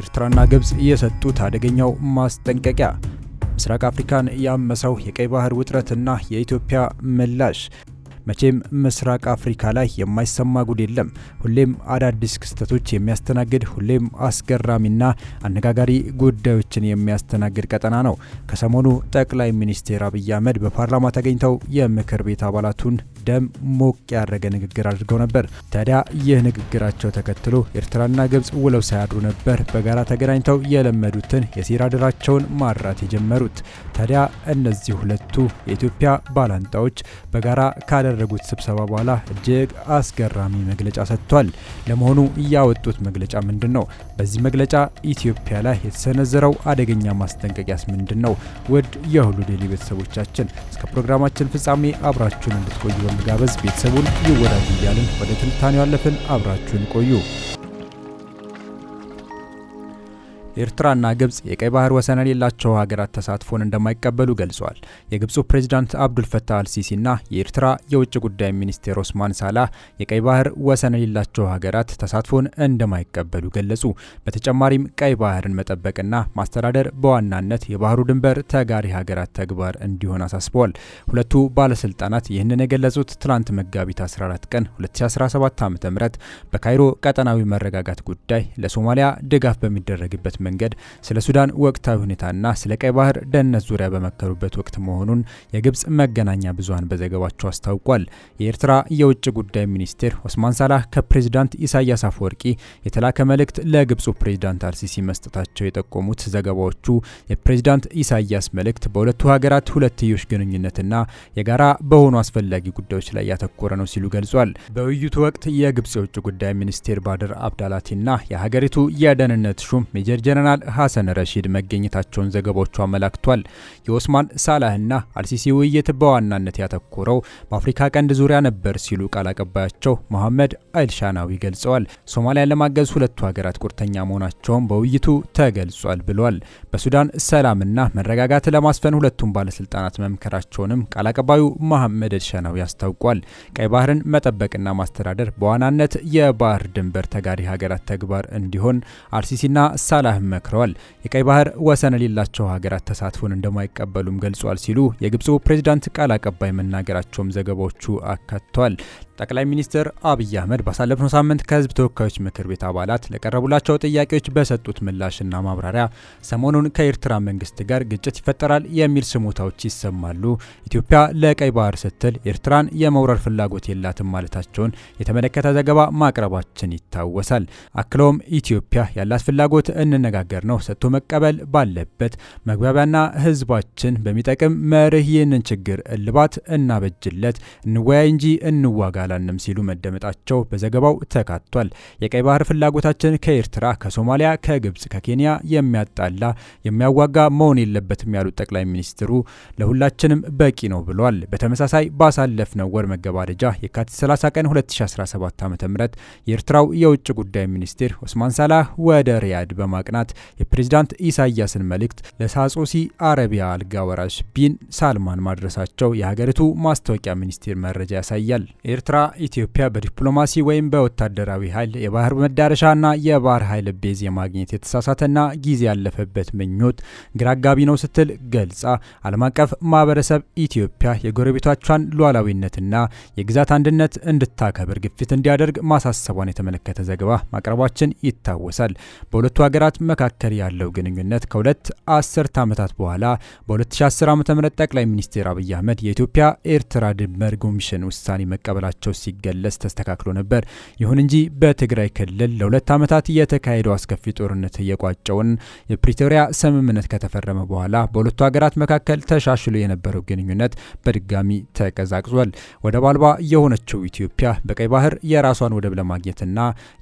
ኤርትራና ግብጽ የሰጡት አደገኛው ማስጠንቀቂያ ምስራቅ አፍሪካን ያመሰው የቀይ ባህር ውጥረትና የኢትዮጵያ ምላሽ መቼም ምስራቅ አፍሪካ ላይ የማይሰማ ጉድ የለም። ሁሌም አዳዲስ ክስተቶች የሚያስተናግድ ሁሌም አስገራሚና አነጋጋሪ ጉዳዮችን የሚያስተናግድ ቀጠና ነው። ከሰሞኑ ጠቅላይ ሚኒስትር አብይ አህመድ በፓርላማ ተገኝተው የምክር ቤት አባላቱን ደም ሞቅ ያደረገ ንግግር አድርገው ነበር። ታዲያ ይህ ንግግራቸው ተከትሎ ኤርትራና ግብጽ ውለው ሳያድሩ ነበር በጋራ ተገናኝተው የለመዱትን የሴራ ድራቸውን ማራት የጀመሩት። ታዲያ እነዚህ ሁለቱ የኢትዮጵያ ባላንጣዎች በጋራ ካደረጉት ስብሰባ በኋላ እጅግ አስገራሚ መግለጫ ሰጥቷል። ለመሆኑ ያወጡት መግለጫ ምንድን ነው? በዚህ መግለጫ ኢትዮጵያ ላይ የተሰነዘረው አደገኛ ማስጠንቀቂያስ ምንድን ነው? ውድ የሁሉ ዴይሊ ቤተሰቦቻችን እስከ ፕሮግራማችን ፍጻሜ አብራችሁን እንድትቆዩ በመጋበዝ ቤተሰቡን ይወዳጁ እያልን ወደ ትንታኔው ያለፍን፣ አብራችሁን ቆዩ። ኤርትራና ግብጽ የቀይ ባህር ወሰን የሌላቸው ሀገራት ተሳትፎን እንደማይቀበሉ ገልጿል። የግብፁ ፕሬዚዳንት አብዱልፈታህ አልሲሲና የኤርትራ የውጭ ጉዳይ ሚኒስቴር ኦስማን ሳላ የቀይ ባህር ወሰን የሌላቸው ሀገራት ተሳትፎን እንደማይቀበሉ ገለጹ። በተጨማሪም ቀይ ባህርን መጠበቅና ማስተዳደር በዋናነት የባህሩ ድንበር ተጋሪ ሀገራት ተግባር እንዲሆን አሳስበዋል። ሁለቱ ባለስልጣናት ይህንን የገለጹት ትላንት መጋቢት 14 ቀን 2017 ዓ.ም በካይሮ ቀጠናዊ መረጋጋት ጉዳይ ለሶማሊያ ድጋፍ በሚደረግበት መንገድ ስለ ሱዳን ወቅታዊ ሁኔታና ስለ ቀይ ባህር ደህንነት ዙሪያ በመከሩበት ወቅት መሆኑን የግብፅ መገናኛ ብዙሀን በዘገባቸው አስታውቋል። የኤርትራ የውጭ ጉዳይ ሚኒስቴር ኦስማን ሳላህ ከፕሬዚዳንት ኢሳያስ አፈወርቂ የተላከ መልእክት ለግብፁ ፕሬዚዳንት አርሲሲ መስጠታቸው የጠቆሙት ዘገባዎቹ የፕሬዚዳንት ኢሳያስ መልእክት በሁለቱ ሀገራት ሁለትዮሽ ግንኙነትና የጋራ በሆኑ አስፈላጊ ጉዳዮች ላይ ያተኮረ ነው ሲሉ ገልጿል። በውይይቱ ወቅት የግብፅ የውጭ ጉዳይ ሚኒስቴር ባድር አብዳላቲና የሀገሪቱ የደህንነት ሹም ሜጀር ጀነራል ሐሰን ረሺድ መገኘታቸውን ዘገባዎቹ አመላክቷል። የኦስማን ሳላህና አልሲሲ ውይይት በዋናነት ያተኮረው በአፍሪካ ቀንድ ዙሪያ ነበር ሲሉ ቃል አቀባያቸው መሐመድ አይልሻናዊ ገልጸዋል። ሶማሊያን ለማገዝ ሁለቱ ሀገራት ቁርተኛ መሆናቸውም በውይይቱ ተገልጿል ብሏል። በሱዳን ሰላምና መረጋጋት ለማስፈን ሁለቱም ባለስልጣናት መምከራቸውንም ቃል አቀባዩ መሐመድ አይልሻናዊ አስታውቋል። ቀይ ባህርን መጠበቅና ማስተዳደር በዋናነት የባህር ድንበር ተጋሪ ሀገራት ተግባር እንዲሆን አልሲሲና ሳላህ መክረዋል። የቀይ ባህር ወሰን የሌላቸው ሀገራት ተሳትፎን እንደማይቀበሉም ገልጿል ሲሉ የግብፁ ፕሬዚዳንት ቃል አቀባይ መናገራቸውም ዘገባዎቹ አካተዋል። ጠቅላይ ሚኒስትር አብይ አህመድ ባሳለፍነው ሳምንት ከህዝብ ተወካዮች ምክር ቤት አባላት ለቀረቡላቸው ጥያቄዎች በሰጡት ምላሽና ማብራሪያ ሰሞኑን ከኤርትራ መንግስት ጋር ግጭት ይፈጠራል የሚል ስሞታዎች ይሰማሉ፣ ኢትዮጵያ ለቀይ ባህር ስትል ኤርትራን የመውረር ፍላጎት የላትም ማለታቸውን የተመለከተ ዘገባ ማቅረባችን ይታወሳል። አክለውም ኢትዮጵያ ያላት ፍላጎት እንነጋ መነጋገር ነው። ሰጥቶ መቀበል ባለበት መግባቢያና ህዝባችን በሚጠቅም መርህ ይህንን ችግር እልባት እናበጅለት፣ እንወያይ እንጂ እንዋጋላንም ሲሉ መደመጣቸው በዘገባው ተካቷል። የቀይ ባህር ፍላጎታችን ከኤርትራ፣ ከሶማሊያ፣ ከግብጽ፣ ከኬንያ የሚያጣላ የሚያዋጋ መሆን የለበትም ያሉት ጠቅላይ ሚኒስትሩ ለሁላችንም በቂ ነው ብሏል። በተመሳሳይ ባሳለፍነው ወር መገባደጃ የካቲት 30 ቀን 2017 ዓ.ም የኤርትራው የውጭ ጉዳይ ሚኒስትር ኦስማን ሳላህ ወደ ሪያድ በማቅናት ቀናት የፕሬዚዳንት ኢሳያስን መልእክት ለሳዑዲ አረቢያ አልጋ ወራሽ ቢን ሳልማን ማድረሳቸው የሀገሪቱ ማስታወቂያ ሚኒስቴር መረጃ ያሳያል። ኤርትራ ኢትዮጵያ በዲፕሎማሲ ወይም በወታደራዊ ኃይል የባህር መዳረሻና የባህር ኃይል ቤዝ የማግኘት የተሳሳተና ጊዜ ያለፈበት ምኞት ግራጋቢ ነው ስትል ገልጻ ዓለም አቀፍ ማህበረሰብ ኢትዮጵያ የጎረቤቶቿን ሉዓላዊነትና የግዛት አንድነት እንድታከብር ግፊት እንዲያደርግ ማሳሰቧን የተመለከተ ዘገባ ማቅረባችን ይታወሳል። በሁለቱ ሀገራት መካከል ያለው ግንኙነት ከሁለት አስርት ዓመታት በኋላ በ2010 ዓ ም ጠቅላይ ሚኒስትር አብይ አህመድ የኢትዮጵያ ኤርትራ ድንበር ኮሚሽን ውሳኔ መቀበላቸው ሲገለጽ ተስተካክሎ ነበር። ይሁን እንጂ በትግራይ ክልል ለሁለት ዓመታት የተካሄደው አስከፊ ጦርነት የቋጨውን የፕሪቶሪያ ስምምነት ከተፈረመ በኋላ በሁለቱ ሀገራት መካከል ተሻሽሎ የነበረው ግንኙነት በድጋሚ ተቀዛቅዟል። ወደብ አልባ የሆነችው ኢትዮጵያ በቀይ ባህር የራሷን ወደብ ለማግኘትና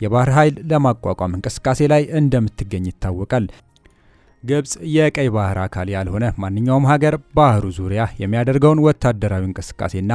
የባህር ኃይል ለማቋቋም እንቅስቃሴ ላይ እንደምትገኝ ይታወቃል። ግብጽ የቀይ ባህር አካል ያልሆነ ማንኛውም ሀገር ባህሩ ዙሪያ የሚያደርገውን ወታደራዊ እንቅስቃሴና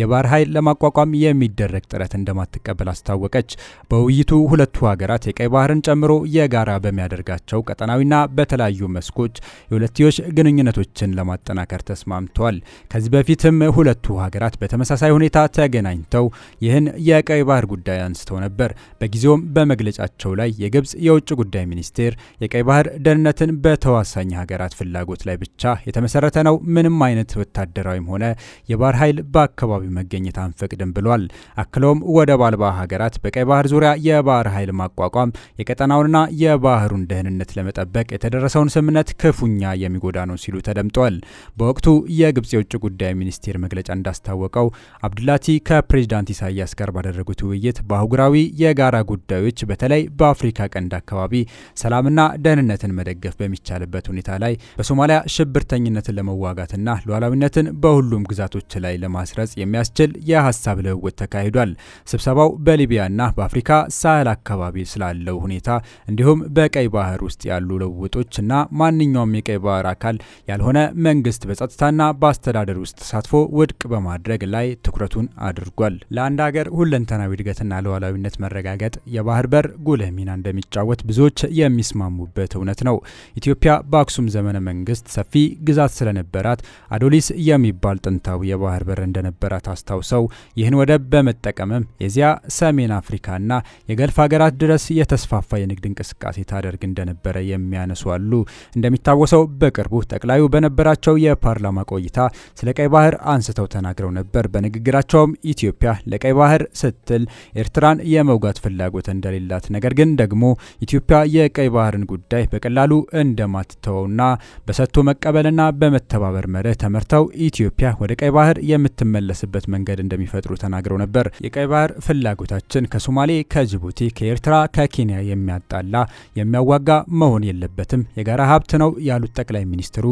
የባህር ኃይል ለማቋቋም የሚደረግ ጥረት እንደማትቀበል አስታወቀች። በውይይቱ ሁለቱ ሀገራት የቀይ ባህርን ጨምሮ የጋራ በሚያደርጋቸው ቀጠናዊና በተለያዩ መስኮች የሁለትዮሽ ግንኙነቶችን ለማጠናከር ተስማምተዋል። ከዚህ በፊትም ሁለቱ ሀገራት በተመሳሳይ ሁኔታ ተገናኝተው ይህን የቀይ ባህር ጉዳይ አንስተው ነበር። በጊዜውም በመግለጫቸው ላይ የግብጽ የውጭ ጉዳይ ሚኒስቴር የቀይ ባህር ደህንነትን በ በተዋሳኝ ሀገራት ፍላጎት ላይ ብቻ የተመሰረተ ነው፣ ምንም አይነት ወታደራዊም ሆነ የባህር ኃይል በአካባቢው መገኘት አንፈቅድም ብሏል። አክለውም ወደብ አልባ ሀገራት በቀይ ባህር ዙሪያ የባህር ኃይል ማቋቋም የቀጠናውንና የባህሩን ደህንነት ለመጠበቅ የተደረሰውን ስምምነት ክፉኛ የሚጎዳ ነው ሲሉ ተደምጧል። በወቅቱ የግብጽ የውጭ ጉዳይ ሚኒስቴር መግለጫ እንዳስታወቀው አብዱላቲ ከፕሬዚዳንት ኢሳያስ ጋር ባደረጉት ውይይት በአህጉራዊ የጋራ ጉዳዮች በተለይ በአፍሪካ ቀንድ አካባቢ ሰላምና ደህንነትን መደገፍ በሚ በሚቻልበት ሁኔታ ላይ በሶማሊያ ሽብርተኝነትን ለመዋጋትና ሉዓላዊነትን በሁሉም ግዛቶች ላይ ለማስረጽ የሚያስችል የሀሳብ ልውውጥ ተካሂዷል። ስብሰባው በሊቢያና በአፍሪካ ሳህል አካባቢ ስላለው ሁኔታ እንዲሁም በቀይ ባህር ውስጥ ያሉ ልውውጦች እና ማንኛውም የቀይ ባህር አካል ያልሆነ መንግስት በጸጥታና በአስተዳደር ውስጥ ተሳትፎ ውድቅ በማድረግ ላይ ትኩረቱን አድርጓል። ለአንድ ሀገር ሁለንተናዊ እድገትና ሉዓላዊነት መረጋገጥ የባህር በር ጉልህ ሚና እንደሚጫወት ብዙዎች የሚስማሙበት እውነት ነው። ኢትዮጵያ በአክሱም ዘመነ መንግስት ሰፊ ግዛት ስለነበራት አዶሊስ የሚባል ጥንታዊ የባህር በር እንደነበራት አስታውሰው ይህን ወደብ በመጠቀምም የዚያ ሰሜን አፍሪካና የገልፍ ሀገራት ድረስ የተስፋፋ የንግድ እንቅስቃሴ ታደርግ እንደነበረ የሚያነሱ አሉ። እንደሚታወሰው በቅርቡ ጠቅላዩ በነበራቸው የፓርላማ ቆይታ ስለ ቀይ ባህር አንስተው ተናግረው ነበር። በንግግራቸውም ኢትዮጵያ ለቀይ ባህር ስትል ኤርትራን የመውጋት ፍላጎት እንደሌላት ነገር ግን ደግሞ ኢትዮጵያ የቀይ ባህርን ጉዳይ በቀላሉ እንደ እንደማትተወውና በሰጥቶ መቀበልና በመተባበር መርህ ተመርተው ኢትዮጵያ ወደ ቀይ ባህር የምትመለስበት መንገድ እንደሚፈጥሩ ተናግረው ነበር። የቀይ ባህር ፍላጎታችን ከሶማሌ፣ ከጅቡቲ፣ ከኤርትራ፣ ከኬንያ የሚያጣላ የሚያዋጋ መሆን የለበትም፣ የጋራ ሀብት ነው ያሉት ጠቅላይ ሚኒስትሩ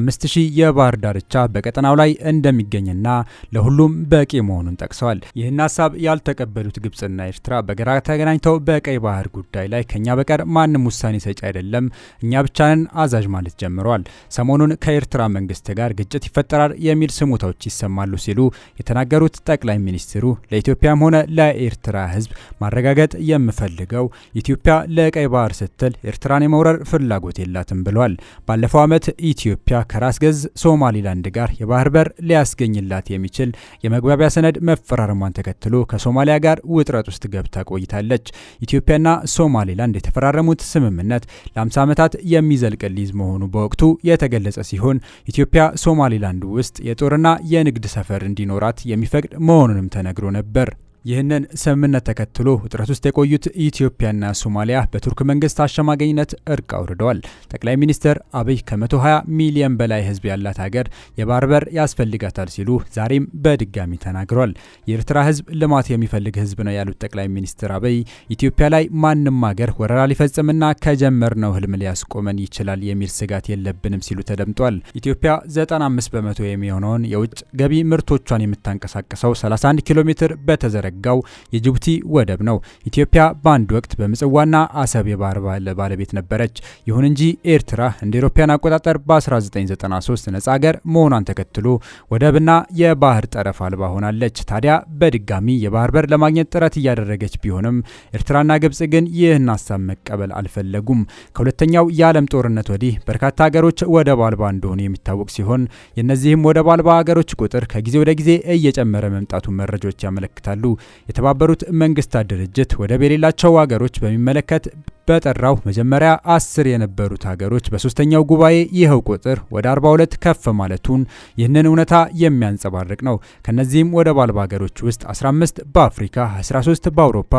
አምስት ሺህ የባህር ዳርቻ በቀጠናው ላይ እንደሚገኝና ለሁሉም በቂ መሆኑን ጠቅሰዋል። ይህን ሀሳብ ያልተቀበሉት ግብጽና ኤርትራ በግራ ተገናኝተው በቀይ ባህር ጉዳይ ላይ ከኛ በቀር ማንም ውሳኔ ሰጪ አይደለም እኛ ብቻ ሱዳንን አዛዥ ማለት ጀምረዋል። ሰሞኑን ከኤርትራ መንግስት ጋር ግጭት ይፈጠራል የሚል ስሙታዎች ይሰማሉ ሲሉ የተናገሩት ጠቅላይ ሚኒስትሩ ለኢትዮጵያም ሆነ ለኤርትራ ህዝብ ማረጋገጥ የምፈልገው ኢትዮጵያ ለቀይ ባህር ስትል ኤርትራን የመውረር ፍላጎት የላትም ብለዋል። ባለፈው ዓመት ኢትዮጵያ ከራስ ገዝ ሶማሊላንድ ጋር የባህር በር ሊያስገኝላት የሚችል የመግባቢያ ሰነድ መፈራረሟን ተከትሎ ከሶማሊያ ጋር ውጥረት ውስጥ ገብታ ቆይታለች። ኢትዮጵያና ሶማሊላንድ የተፈራረሙት ስምምነት ለ50 ዓመታት የሚ የሚዘልቅ ሊዝ መሆኑ በወቅቱ የተገለጸ ሲሆን ኢትዮጵያ ሶማሊላንድ ውስጥ የጦርና የንግድ ሰፈር እንዲኖራት የሚፈቅድ መሆኑንም ተነግሮ ነበር። ይህንን ስምምነት ተከትሎ ውጥረት ውስጥ የቆዩት ኢትዮጵያና ሶማሊያ በቱርክ መንግስት አሸማገኝነት እርቅ አውርደዋል። ጠቅላይ ሚኒስትር አብይ ከ120 ሚሊዮን በላይ ህዝብ ያላት ሀገር የባህር በር ያስፈልጋታል ሲሉ ዛሬም በድጋሚ ተናግሯል። የኤርትራ ህዝብ ልማት የሚፈልግ ህዝብ ነው ያሉት ጠቅላይ ሚኒስትር አብይ ኢትዮጵያ ላይ ማንም ሀገር ወረራ ሊፈጽምና ከጀመርነው ህልም ሊያስቆመን ይችላል የሚል ስጋት የለብንም ሲሉ ተደምጧል። ኢትዮጵያ 95 በመቶ የሚሆነውን የውጭ ገቢ ምርቶቿን የምታንቀሳቀሰው 31 ኪሎ ሜትር በተዘረጋ የተዘጋው የጅቡቲ ወደብ ነው። ኢትዮጵያ በአንድ ወቅት በምጽዋና አሰብ የባህር ባለቤት ነበረች። ይሁን እንጂ ኤርትራ እንደ አውሮፓውያን አቆጣጠር በ1993 ነጻ ሀገር መሆኗን ተከትሎ ወደብና የባህር ጠረፍ አልባ ሆናለች። ታዲያ በድጋሚ የባህር በር ለማግኘት ጥረት እያደረገች ቢሆንም ኤርትራና ግብጽ ግን ይህን ሀሳብ መቀበል አልፈለጉም። ከሁለተኛው የዓለም ጦርነት ወዲህ በርካታ ሀገሮች ወደብ አልባ እንደሆኑ የሚታወቅ ሲሆን የእነዚህም ወደብ አልባ ሀገሮች ቁጥር ከጊዜ ወደ ጊዜ እየጨመረ መምጣቱን መረጃዎች ያመለክታሉ። የተባበሩት መንግስታት ድርጅት ወደብ የሌላቸው ሀገሮች በሚመለከት በጠራው መጀመሪያ አስር የነበሩት ሀገሮች በሶስተኛው ጉባኤ ይኸው ቁጥር ወደ 42 ከፍ ማለቱን ይህንን እውነታ የሚያንጸባርቅ ነው። ከነዚህም ወደብ አልባ ሀገሮች ውስጥ 15 በአፍሪካ፣ 13 በአውሮፓ፣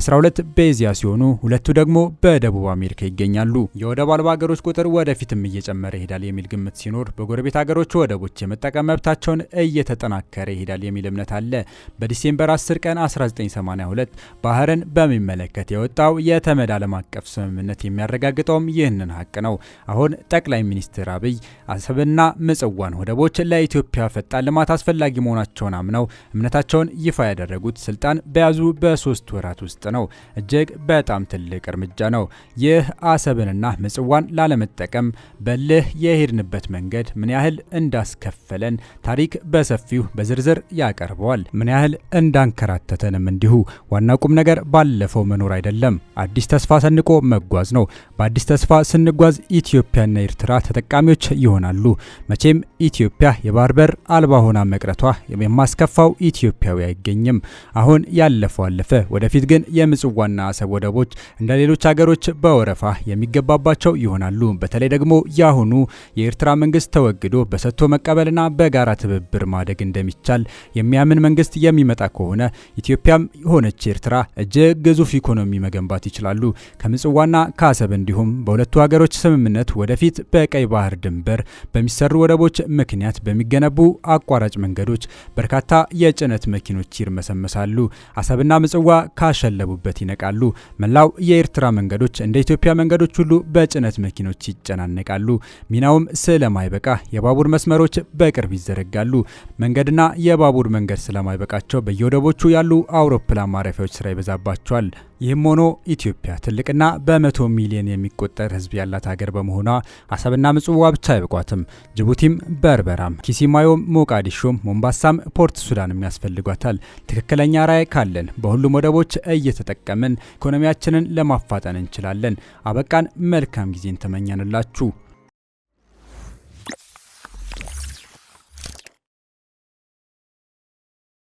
12 በኤዚያ ሲሆኑ ሁለቱ ደግሞ በደቡብ አሜሪካ ይገኛሉ። የወደብ አልባ ሀገሮች ቁጥር ወደፊትም እየጨመረ ይሄዳል የሚል ግምት ሲኖር በጎረቤት ሀገሮች ወደቦች የመጠቀም መብታቸውን እየተጠናከረ ይሄዳል የሚል እምነት አለ። በዲሴምበር 10 ቀን 1982 ባህርን በሚመለከት የወጣው የተመድ ዓለም አቀፍ ስምምነት የሚያረጋግጠውም ይህንን ሀቅ ነው። አሁን ጠቅላይ ሚኒስትር አብይ አሰብና ምጽዋን ወደቦች ለኢትዮጵያ ፈጣን ልማት አስፈላጊ መሆናቸውን አምነው እምነታቸውን ይፋ ያደረጉት ስልጣን በያዙ በሶስት ወራት ውስጥ ነው። እጅግ በጣም ትልቅ እርምጃ ነው። ይህ አሰብንና ምጽዋን ላለመጠቀም በልህ የሄድንበት መንገድ ምን ያህል እንዳስከፈለን ታሪክ በሰፊው በዝርዝር ያቀርበዋል። ምን ያህል እንዳንከራተተንም እንዲሁ ዋና ቁም ነገር ባለፈው መኖር አይደለም አዲስ ተስፋ ሰንቆ ዘልቆ መጓዝ ነው። በአዲስ ተስፋ ስንጓዝ ኢትዮጵያና ኤርትራ ተጠቃሚዎች ይሆናሉ። መቼም ኢትዮጵያ የባህር በር አልባ ሆና መቅረቷ የማስከፋው ኢትዮጵያዊ አይገኝም። አሁን ያለፈው አለፈ። ወደፊት ግን የምጽዋና አሰብ ወደቦች እንደ ሌሎች ሀገሮች በወረፋ የሚገባባቸው ይሆናሉ። በተለይ ደግሞ የአሁኑ የኤርትራ መንግስት ተወግዶ በሰጥቶ መቀበልና በጋራ ትብብር ማደግ እንደሚቻል የሚያምን መንግስት የሚመጣ ከሆነ ኢትዮጵያም ሆነች ኤርትራ እጅግ ግዙፍ ኢኮኖሚ መገንባት ይችላሉ። ከምጽዋና ካሰብ እንዲሁም በሁለቱ ሀገሮች ስምምነት ወደፊት በቀይ ባህር ድንበር በሚሰሩ ወደቦች ምክንያት በሚገነቡ አቋራጭ መንገዶች በርካታ የጭነት መኪኖች ይርመሰመሳሉ። አሰብና ምጽዋ ካሸለቡበት ይነቃሉ። መላው የኤርትራ መንገዶች እንደ ኢትዮጵያ መንገዶች ሁሉ በጭነት መኪኖች ይጨናነቃሉ። ሚናውም ስለማይበቃ የባቡር መስመሮች በቅርብ ይዘረጋሉ። መንገድና የባቡር መንገድ ስለማይበቃቸው በየወደቦቹ ያሉ አውሮፕላን ማረፊያዎች ስራ ይበዛባቸዋል። ይህም ሆኖ ኢትዮጵያ ትልቅና በመቶ ሚሊዮን የሚቆጠር ሕዝብ ያላት ሀገር በመሆኗ አሰብና ምጽዋ ብቻ አይብቋትም። ጅቡቲም፣ በርበራም፣ ኪሲማዮም፣ ሞቃዲሾም፣ ሞምባሳም፣ ፖርት ሱዳንም ያስፈልጓታል። ትክክለኛ ራዕይ ካለን በሁሉም ወደቦች እየተጠቀምን ኢኮኖሚያችንን ለማፋጠን እንችላለን። አበቃን። መልካም ጊዜን ተመኘንላችሁ።